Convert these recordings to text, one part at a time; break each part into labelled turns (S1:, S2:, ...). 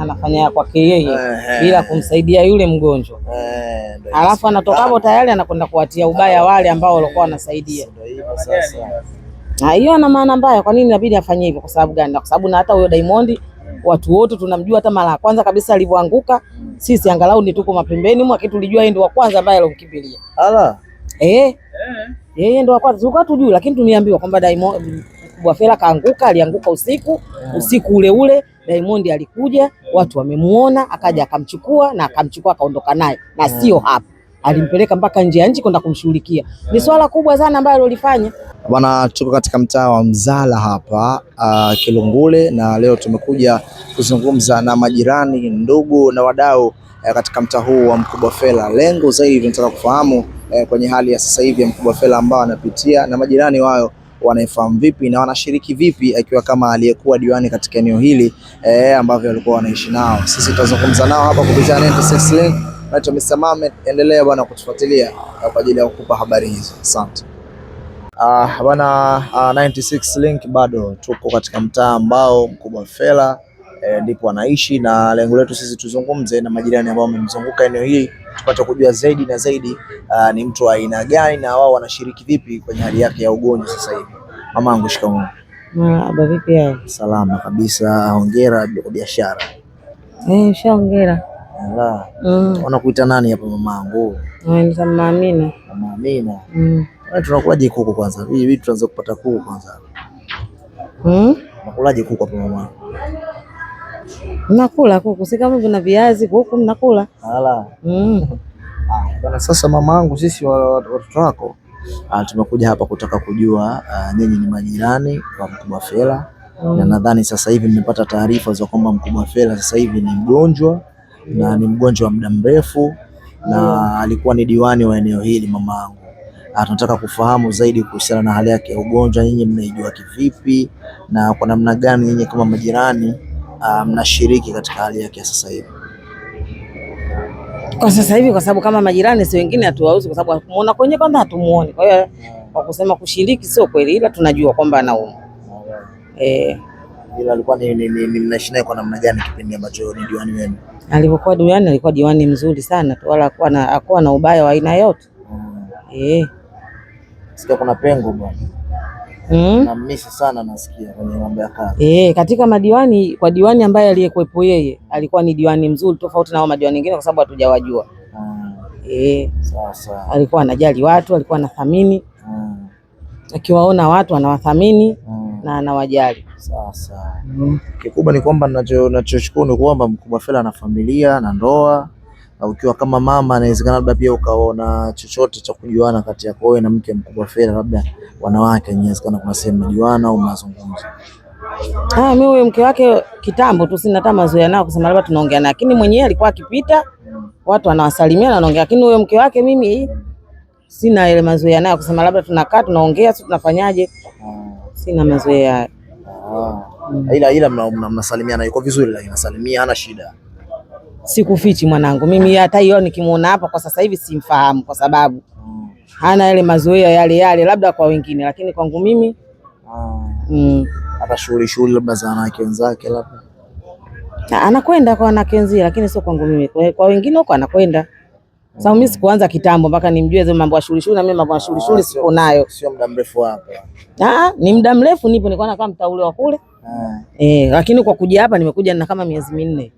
S1: anafanya kwake yeye bila kumsaidia yule mgonjwa, alafu hapo tayari anakwenda kuwatia ubaya wale ambao walikuwa wanasaidia. Na hiyo ana maana mbaya. Kwa nini inabidi afanye hivyo? Kwa sababu gani? Kwa sababu na hata huyo Diamond watu wote tunamjua, hata mara ya kwanza kabisa alivyoanguka, sisi angalau ni tuko mapembeni mwa kitu, tulijua yeye ndio wa kwanza ambaye alomkimbilia ala eh yeye ndo wakwanza tulikuwa tujui, lakini tumeambiwa kwamba Diamond Bwafela kaanguka, alianguka usiku eh. usiku ule ule Raymond alikuja, watu wamemuona, akaja akamchukua na akamchukua akaondoka naye, na mm. sio hapo, mm. alimpeleka mpaka nje ya nchi kwenda kumshughulikia. Ni mm. swala kubwa sana ambalo alolifanya
S2: bwana. Tuko katika mtaa wa Mzala hapa uh, Kilungule, na leo tumekuja kuzungumza na majirani, ndugu na wadau uh, katika mtaa huu wa Mkubwa fela Lengo zaidi tunataka kufahamu uh, kwenye hali ya sasa hivi ya Mkubwa fela ambao anapitia na majirani wao wanaifahamu vipi na wanashiriki vipi, akiwa kama aliyekuwa diwani katika eneo hili e, ambavyo walikuwa wanaishi nao. Sisi tutazungumza nao hapa kupitia Link. Naitwa Mr. Mohamed, endelea bwana kutufuatilia kwa ajili ya kukupa habari hizo. Asante. Uh, bwana uh, ah, 96 Link bado tuko katika mtaa ambao Mkubwa Fela eh, ndipo anaishi na lengo letu sisi tuzungumze na majirani ambao wamemzunguka eneo hili kupata kujua zaidi na zaidi uh, ni mtu wa aina gani na wao wanashiriki vipi kwenye hali yake ya ugonjwa sasa hivi. Mamangu, shikamoo.
S1: Marahaba, vipi
S2: Salama kabisa, hongera kwa biashara. Eh, Ala. Mm. Wanakuita nani hapa mamangu?
S1: Mama Amina.
S2: Mama Amina. Mm. Tunakulaje kuku kwanza? Hii vitu tunaanza kupata kuku kwanza. Mm. Nakulaje kuku hapa mamangu?
S1: nakula kuku, si kama kuna viazi kuku mnakula. Mm.
S2: Sasa mamaangu, sisi watoto wako ah, tumekuja hapa kutaka kujua ah, nyinyi ni majirani wa Mkubwa fela mm. na nadhani sasa hivi mmepata taarifa za kwamba Mkubwa fela sasa hivi ni mgonjwa mm. na ni mgonjwa wa muda mrefu na mm. alikuwa ni diwani wa eneo hili mamaangu ah, tunataka kufahamu zaidi kuhusiana na hali yake ya ugonjwa. Nyinyi mnaijua kivipi na kwa namna gani nyinyi kama majirani Ah, mnashiriki um, katika hali yake ya sasa hivi?
S1: Kwa sasa hivi, kwa sababu kama majirani si wengine hatuwauzi, kwa sababu hatumuona kwenye kwanza, hatumuoni. Kwa hiyo ah. kwa kusema kushiriki sio kweli, ila tunajua kwamba anauma ah. eh
S2: ila alikuwa ni, ni, ni, ni mnaishi naye kwa namna gani kipindi ambacho ni diwani wenu?
S1: Alipokuwa diwani alikuwa diwani mzuri sana tu, wala hakuwa na ubaya wa aina yote mm. Eh,
S2: sikia kuna pengo bwana mm. Nammisi sana nasikia kwenye mambo ya kazi.
S1: Eh, katika madiwani kwa diwani ambaye aliyekuwepo yeye alikuwa ni diwani mzuri tofauti na madiwani wengine kwa sababu hatujawajua. Mm. Eh,
S2: sasa
S1: alikuwa anajali watu, alikuwa anathamini. Mm. Akiwaona watu anawathamini mm. na anawajali.
S2: Sasa mm. kikubwa ni kwamba ninachoshukuru ni kwamba Mkubwa Fella ana familia na ndoa ukiwa kama mama anawezekana labda pia ukaona chochote cha kujuana kati yako wewe na mke Mkubwa Fella, labda wanawake, inawezekana kuna sehemu mnajuana au mnazungumza?
S1: Ah, mimi huyo mke wake kitambo tu, sina hata mazoea nao kusema labda tunaongea, lakini mwenyewe alikuwa akipita watu anawasalimia na anaongea, lakini huyo mke wake mimi sina ile mazoea nayo kusema labda tunakaa tunaongea, sio tunafanyaje, sina mazoea
S2: mm. Ila ila mnasalimiana, yuko vizuri, lakini nasalimia hana shida.
S1: Sikufichi mwanangu, mimi hata hiyo nikimuona hapa kwa sasa hivi simfahamu kwa sababu hana yale mazoea yale yale, labda kwa wengine, lakini kwangu mimi ah, mm.
S2: hata shughuli shughuli labda za wanawake wenzake labda
S1: anakwenda kwa wanawake wenzie, lakini sio kwangu mimi, kwa wengine huko anakwenda. Sasa mimi mm. sikuanza kitambo mpaka nimjue zile mambo ya shughuli shughuli, na mimi mambo ya shughuli shughuli ah, siko nayo.
S2: Sio muda mrefu hapa.
S1: Ah, ni muda mrefu nipo, nilikuwa nakaa mtaa ule wa kule ah. eh, lakini kwa kuja hapa nimekuja na kama miezi minne.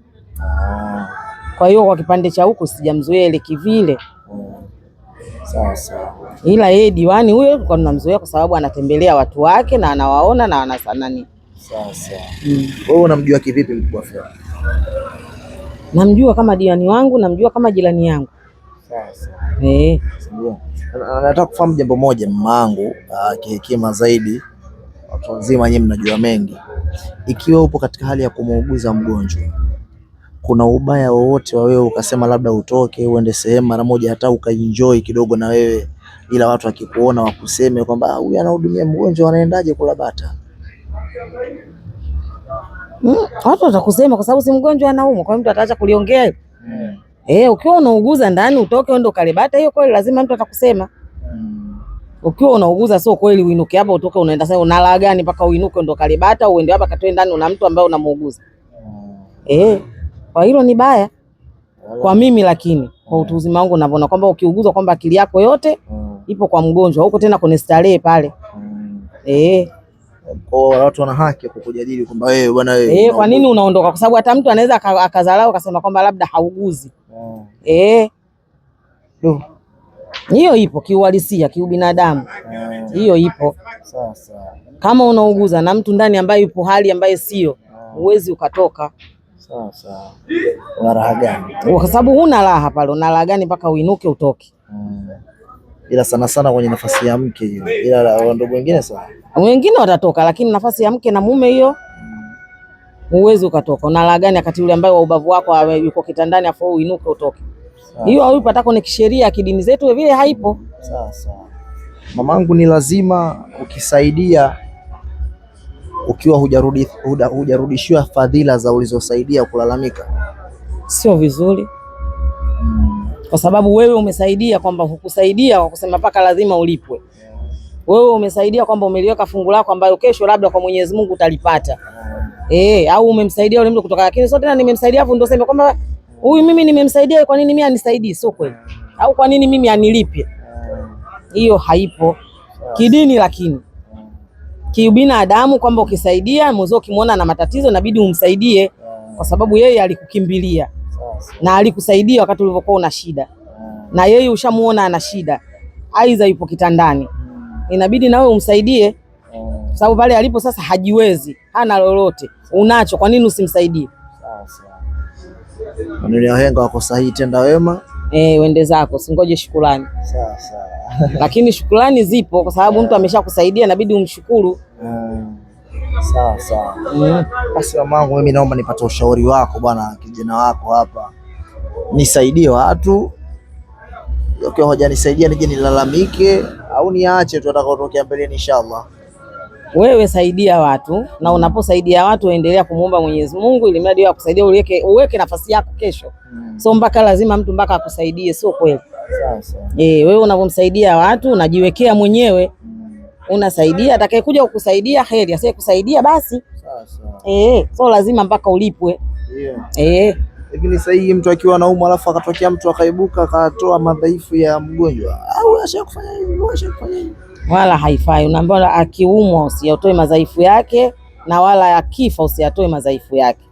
S1: Kwa hiyo kwa kipande cha huku sijamzoea ile kivile. Ila yeye diwani huyo tulikuwa tunamzoea kwa sababu anatembelea watu wake na anawaona na anasanani.
S2: Sasa sawa. Mm. Wewe unamjua kivipi mkubwa wa
S1: Namjua kama diwani wangu, namjua kama jirani yangu. Sasa Eh.
S2: Nataka kufahamu jambo moja mmangu, ah, kihekima zaidi. Watu wazima, nyinyi mnajua mengi. Ikiwa upo katika hali ya kumuuguza mgonjwa kuna ubaya wowote wa wewe ukasema labda utoke uende sehemu mara moja, hata ukaenjoy kidogo na wewe, ila watu akikuona wakuseme kwamba ah, huyu anahudumia mgonjwa, anaendaje kula bata?
S1: Mm, watu watakusema kwa sababu si mgonjwa anaumwa, kwa mtu ataacha kuliongea. Mm. Eh, ukiwa unauguza ndani utoke uende ukale bata, hiyo kweli lazima mtu atakusema. Mm. Ukiwa unauguza sio kweli uinuke hapa utoke unaenda sasa unala gani mpaka uinuke ndo kale bata uende hapa katoe ndani una mtu ambaye unamuuguza. Mm. Eh. Kwa hilo ni baya kwa mimi, lakini kwa eh. utu uzima wangu navona kwamba ukiuguzwa kwamba akili yako yote mm. ipo kwa mgonjwa huko, tena kwenye starehe pale mm. eh
S2: watu wana haki ya kukujadili kwamba wewe eh, bwana wewe
S1: eh, eh, kwa nini unaondoka? Kwa sababu hata mtu anaweza akadharau akasema kwamba labda hauguzi mm. eh, hiyo ipo kiuhalisia, kiubinadamu hiyo ipo. Sasa kama unauguza na mtu ndani ambaye yupo hali ambaye sio, huwezi ukatoka.
S2: Sawa sawa. raha gani?
S1: Kwa sababu huna raha pale, una raha gani mpaka uinuke utoke? Hmm.
S2: Ila sana sana kwenye nafasi ya mke hiyo, ila ndugu wengine sawa,
S1: wengine watatoka, lakini nafasi ya mke na mume hiyo hmm. uwezi ukatoka. Una raha gani wakati yule ambaye wa ubavu wako yuko kitandani afu uinuke utoke? Hiyo hata ni kisheria kidini zetu vile haipo.
S2: Sawa sawa. Mamangu, ni lazima ukisaidia ukiwa hujarudi, hujarudishiwa fadhila za ulizosaidia, kulalamika sio vizuri,
S1: kwa sababu wewe umesaidia kwamba hukusaidia kwa kusema mpaka lazima ulipwe. Wewe umesaidia kwamba umeliweka fungu lako ambayo kesho labda kwa Mwenyezi Mungu utalipata e, au umemsaidia yule mtu kutoka, lakini sio tena nimemsaidia hapo ndio sema kwamba huyu mimi nimemsaidia, kwa nini mimi anisaidii? Sio kweli, au kwa nini mimi anilipie? Hiyo haipo kidini, lakini kiubinadamu kwamba ukisaidia mwenzio, ukimwona na matatizo inabidi umsaidie, kwa sababu yeye alikukimbilia na alikusaidia wakati ulivyokuwa una shida, na yeye ushamuona ana shida, aidha yupo kitandani, inabidi nawe umsaidie, kwa sababu pale alipo sasa hajiwezi, hana lolote, unacho, kwa nini usimsaidie?
S2: Niliwahenga wako sahihi, tenda wema
S1: eh, uende zako, singoje shukurani. Sawa sawa. Lakini shukurani zipo kwa sababu yeah. mtu ameshakusaidia inabidi umshukuru. Eh,
S2: sawa sawa. Mm. Basi mm. mamangu, mimi naomba nipate ushauri wako bwana, kijana wako hapa nisaidie watu ukiwa hoja nisaidia, nije nilalamike au niache tu atakaotokea mbeleni, inshallah.
S1: Wewe saidia watu, na unaposaidia watu endelea kumuomba Mwenyezi Mungu ili mradi akusaidia, uweke uweke nafasi yako kesho. Hmm. So mpaka lazima mtu mpaka akusaidie, sio kweli? Sasa eh, wewe unapomsaidia watu unajiwekea mwenyewe, hmm. unasaidia atakayekuja kukusaidia, heri asiye kusaidia basi. Sasa eh, so lazima mpaka ulipwe. Yeah. Eh,
S2: lakini sasa hii mtu akiwa anaumwa alafu akatokea mtu akaibuka akatoa madhaifu ya mgonjwa au ashakufanya hivi, ashakufanya hivi
S1: wala haifai. Unaambiwa akiumwa usiyatoe madhaifu yake, na wala akifa usiyatoe madhaifu yake.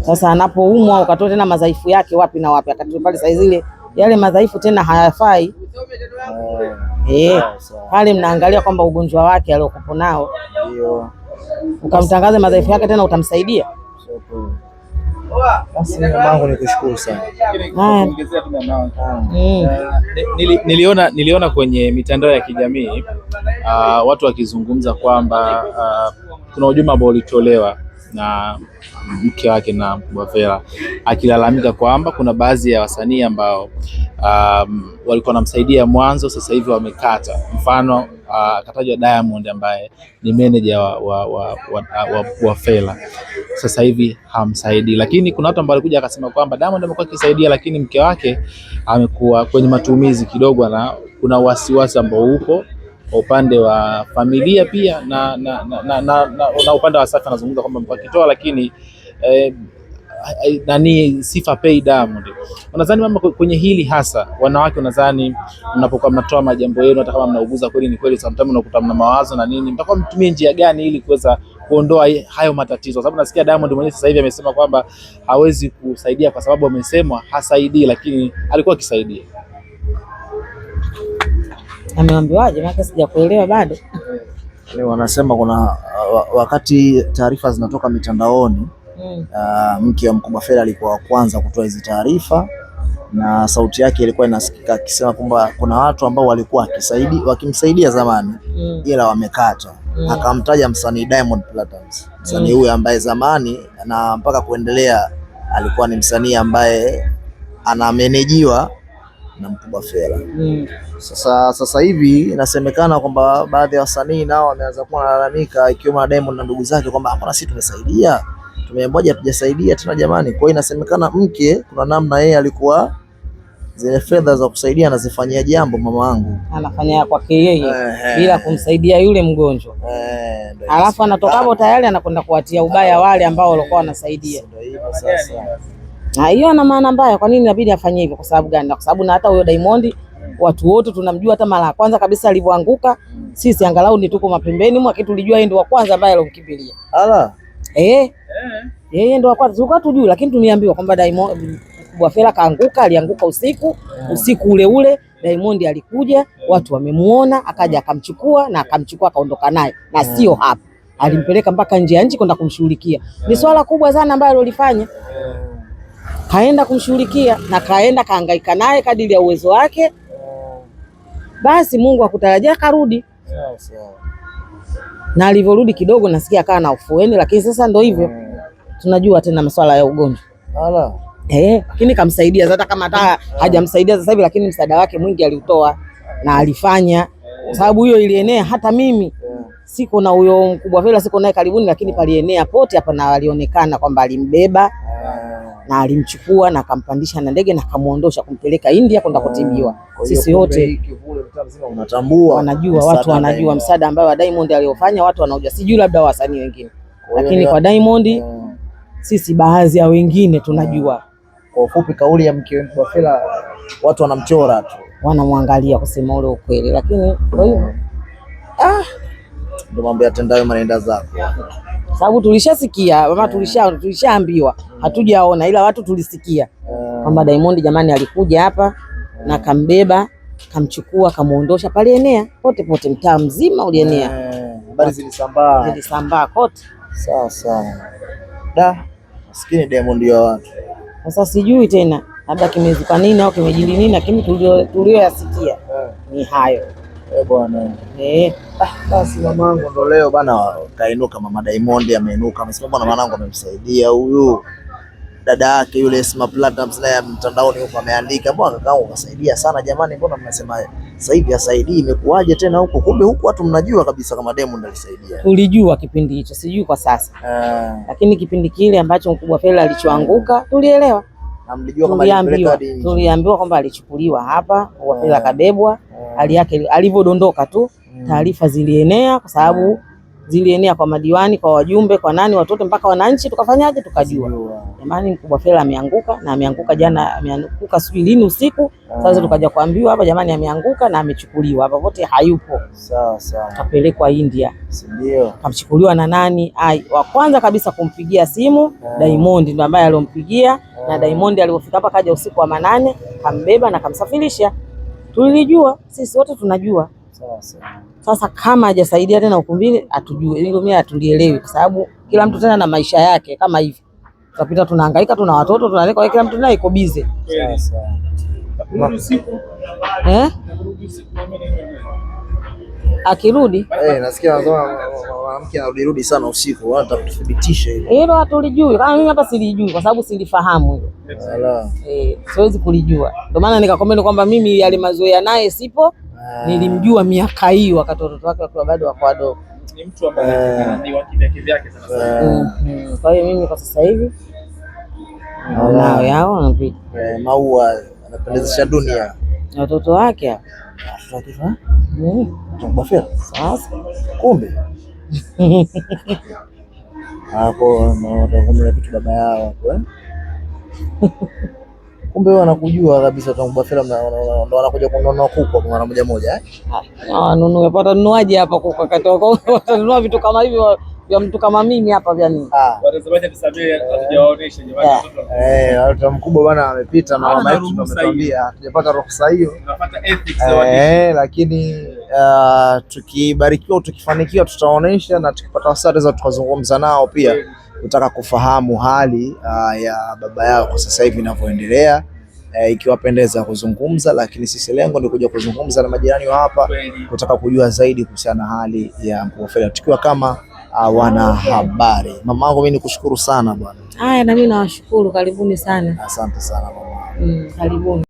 S1: Sasa anapoumwa ukatoa tena madhaifu yake wapi na wapi, akatoa pale saa zile yale madhaifu tena hayafai. Eh, eh. pale mnaangalia kwamba ugonjwa wake aliokupo nao ukamtangaza madhaifu yake tena, utamsaidia
S2: basi mama ni kushukuru sana. Mm. niliona, niliona kwenye mitandao ya kijamii uh, watu wakizungumza kwamba uh, kuna ujumbe ambao ulitolewa na mke wake na Mkubwa Fella akilalamika kwamba kuna baadhi ya wasanii ambao um, walikuwa wanamsaidia mwanzo, sasa hivi wamekata. Mfano Ah, akataja Diamond ambaye ni manager wa, wa, wa, wa, wa, wa Fela, sasa hivi hamsaidii. Lakini kuna watu ambao walikuja akasema kwamba Diamond amekuwa akisaidia, lakini mke wake amekuwa kwenye matumizi kidogo, na kuna wasiwasi ambao upo kwa upande wa familia pia na, na, na, na, na, na, na upande wa Wasafi anazungumza kwamba mko akitoa lakini eh, nani sifa pei Diamond. Unadhani mama, kwenye hili hasa wanawake, unadhani mnapokuwa mnatoa majambo yenu, hata kama mnauguza kweli ni kweli, sometimes unakuta mna mawazo na nini, mtakuwa mtumie njia gani ili kuweza kuondoa hayo matatizo? Sababu nasikia Diamond mwenyewe sasa hivi amesema kwamba hawezi kusaidia kwa sababu amesemwa hasaidii, lakini alikuwa akisaidia.
S1: Ameambiwaje? Maana sijakuelewa bado.
S2: Leo eh, wanasema kuna wakati taarifa zinatoka mitandaoni mm. Uh, mke wa mkubwa Fella alikuwa wa kwanza kutoa hizi taarifa na sauti yake ilikuwa inasikika akisema kwamba kuna watu ambao walikuwa akisaidi, wakimsaidia zamani mm. ila wamekata mm. Akamtaja msanii Diamond Platnumz, msanii mm. huyo ambaye zamani na mpaka kuendelea alikuwa ni msanii ambaye anamenejiwa na mkubwa Fella mm. Sasa, sasa hivi inasemekana kwamba baadhi ya wasanii nao wameanza kuwa nalalamika, ikiwemo na Diamond na ndugu zake kwamba hapana, sisi tumesaidia mia moja hatujasaidia tena jamani. Kwa hiyo inasemekana mke, kuna namna yeye alikuwa zile fedha za kusaidia anazifanyia jambo mama wangu anafanya kwake yeye eh, bila kumsaidia yule mgonjwa eh, alafu anatoka hapo tayari anakwenda kuwatia ubaya wale ambao walikuwa wanasaidia. Na hiyo ana maana mbaya. Kwa nini inabidi afanye hivyo? Kwa sababu gani? Kwa sababu na hata huyo Diamond watu wote tunamjua, hata mara ya kwanza kabisa alivyoanguka, sisi angalau ni tuko mapembeni mwa kitu, tulijua yeye ndio wa kwanza ambaye alomkimbilia. Ala. Eh? Eh. eh. Yeye ndo alikuwa tujui, lakini tuliambiwa kwamba Diamond Kubwa Fella kaanguka, alianguka usiku yeah. Usiku ule ule Diamond alikuja, watu wamemuona, akaja akamchukua na akamchukua akaondoka naye na yeah. Sio hapa, alimpeleka mpaka nje ya nchi kwenda kumshughulikia yeah. Ni ah. swala kubwa sana ambalo alilifanya yeah. Kaenda kumshughulikia na kaenda kaangaika naye kadiri ya uwezo wake yeah. Basi Mungu akutarajia karudi yes, yeah na alivyorudi kidogo nasikia akawa na ufueni, lakini sasa ndo hivyo mm. tunajua tena masuala ya ugonjwa eh, lakini kamsaidia hata kama hata mm. hajamsaidia sasa hivi, lakini msaada wake mwingi aliutoa na alifanya, sababu hiyo ilienea. Hata mimi siko na huyo mkubwa vile, siko naye karibuni, lakini palienea pote hapa na walionekana kwamba alimbeba na alimchukua na akampandisha na ndege na akamuondosha kumpeleka India kwenda ah, kutibiwa. Sisi wote unatambua, wanajua watu wanajua msaada ambao wa Diamond aliofanya, watu wanaojua, sijui labda wasanii wengine, lakini kwa Diamond ah. sisi baadhi ya wengine tunajua. Ah. Kwa ufupi, kauli ya mke wa Fela watu wanamchora tu, wanamwangalia kusema ule ukweli, lakini kwa hiyo ah, ndio mambo yatendayo manenda zako, sababu tulishasikia mama, tulisha tulishaambiwa hatujaona, ila watu tulisikia kwamba Diamond jamani, alikuja hapa na kambeba kamchukua kamuondosha, palienea pote pote, mtaa mzima ulienea, eh, habari zilisambaa, zilisambaa kote. Sawa sawa, da maskini Diamond ya watu sasa, sijui tena labda kimezipa nini au kimejili nini, lakini tulioyasikia eh. ni hayo eh, bwana. Ah, basi mamangu, ndo leo bana kainuka, mama Diamond ameinuka, amesimama na mwanangu, amemsaidia huyu dada yake yule Esma Platnumz naye mtandaoni huko ameandika, bwana kakaangu kasaidia sana jamani, mbona mnasema sasa hivi asaidii, imekuwaje tena huko? Kumbe huko watu mnajua kabisa kama demu ndiye alisaidia. Tulijua kipindi hicho, sijui kwa sasa uh, Lakini kipindi kile ambacho mkubwa Fella alichoanguka tulielewa, tuliambiwa kwamba alichukuliwa hapa mkubwa Fella ah. Kabebwa ah. hali yake alivyodondoka tu, mm. taarifa zilienea kwa sababu ah zilienea kwa madiwani, kwa wajumbe, kwa nani, watoto mpaka wananchi, tukafanyaje? Tukajua jamani, mkubwa Fela ameanguka na ameanguka jana, ameanguka sijui lini usiku. Ah. Sasa tukaja kuambiwa hapa, jamani, ameanguka na amechukuliwa hapa, wote hayupo. Sasa kapelekwa India, ndio kamchukuliwa na nani? Ai, wa kwanza kabisa kumpigia simu ah. Diamond ndio ambaye alompigia, na ah. Diamond alipofika hapa kaja usiku wa manane, kambeba na kamsafirisha. Tulijua sisi wote tunajua sasa kama hajasaidia tena ukumbini, atujue hilo, mimi atulielewi, kwa sababu kila mtu tena na maisha yake. Kama hivi tunapita tunahangaika, tuna watoto tunaleka, kila mtu naye iko busy eh? Akirudi eh, nasikia mwanamke anarudirudi sana usiku, wanataka kuthibitisha hilo. Hilo hatulijui, kama mimi hapa silijui kwa sababu silifahamu hilo eh, siwezi kulijua, ndio maana nikakwambia kwamba mimi yale mazoea naye sipo Eh. nilimjua miaka hiyo wakati watoto wake wakiwa bado wako wadogo. Ni mtu ambaye eh. ni wa kivyake vyake sana. Eh. Mm. Mm. kwa hiyo mimi kwa sasa hivi nao mm. yao anapita maua, anapendezesha dunia na watoto wake sasa. Kumbe hapo vitu baba yao Kumbe wewe anakujua kabisa, tunakupa filamu na ndo anakuja kununua kuku kwa mara moja moja eh. Ah, nunue pata nunuaje hapa kuku wakati wako watanunua vitu kama hivi vya mtu kama mimi hapa vya nini? Ah. Watazamaji tusamehe, hatujawaonesha jamani, eh, eh watu mkubwa bwana amepita na mama yetu tumetwambia hatujapata ruhusa hiyo, tunapata ethics za eh, waandishi eh, lakini Eh, tukibarikiwa tukifanikiwa, tutaonyesha na tukipata wasaa tunaweza tukazungumza nao pia kutaka kufahamu hali uh, ya baba yao kwa sasa hivi inavyoendelea, uh, ikiwapendeza kuzungumza, lakini sisi lengo ni kuja kuzungumza na majirani wa hapa kutaka kujua zaidi kuhusiana na hali ya Mkubwa tukiwa kama uh, wana habari. Mama yangu, mimi nikushukuru sana bwana. Haya, na mimi nawashukuru, karibuni sana. Asante sana mama. Mm, karibuni.